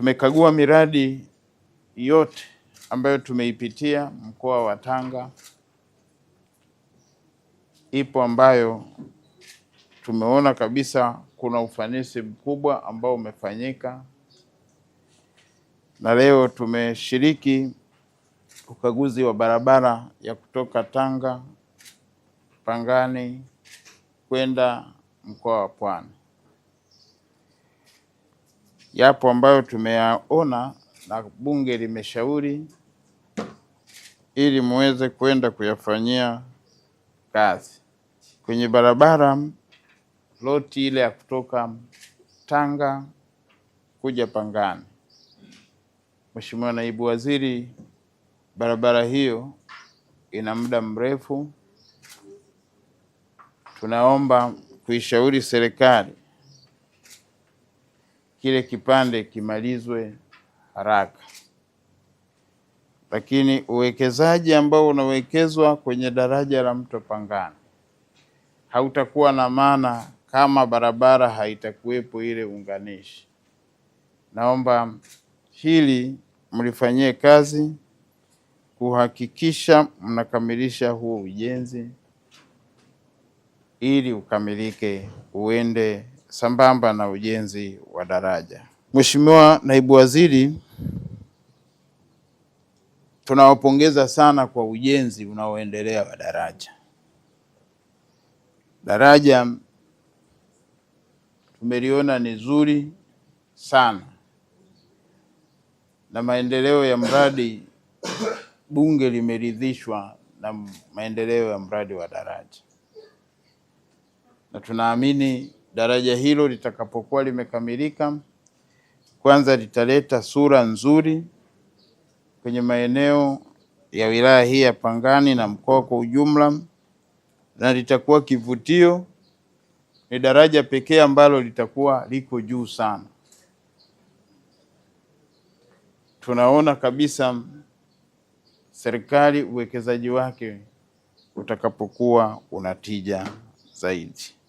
Tumekagua miradi yote ambayo tumeipitia mkoa wa Tanga. Ipo ambayo tumeona kabisa kuna ufanisi mkubwa ambao umefanyika, na leo tumeshiriki ukaguzi wa barabara ya kutoka Tanga Pangani kwenda mkoa wa Pwani yapo ambayo tumeyaona na bunge limeshauri ili muweze kwenda kuyafanyia kazi. Kwenye barabara loti ile ya kutoka Tanga kuja Pangani, Mheshimiwa Naibu Waziri, barabara hiyo ina muda mrefu, tunaomba kuishauri serikali kile kipande kimalizwe haraka. Lakini uwekezaji ambao unawekezwa kwenye daraja la mto Pangani hautakuwa na maana kama barabara haitakuwepo ile unganishi. Naomba hili mlifanyie kazi kuhakikisha mnakamilisha huo ujenzi ili ukamilike uende sambamba na ujenzi wa daraja. Mheshimiwa Naibu Waziri, tunawapongeza sana kwa ujenzi unaoendelea wa daraja. Daraja tumeliona ni zuri sana na maendeleo ya mradi Bunge limeridhishwa na maendeleo ya mradi wa daraja na tunaamini Daraja hilo litakapokuwa limekamilika, kwanza litaleta sura nzuri kwenye maeneo ya wilaya hii ya Pangani na mkoa kwa ujumla, na litakuwa kivutio. Ni daraja pekee ambalo litakuwa liko juu sana. Tunaona kabisa serikali uwekezaji wake utakapokuwa unatija zaidi.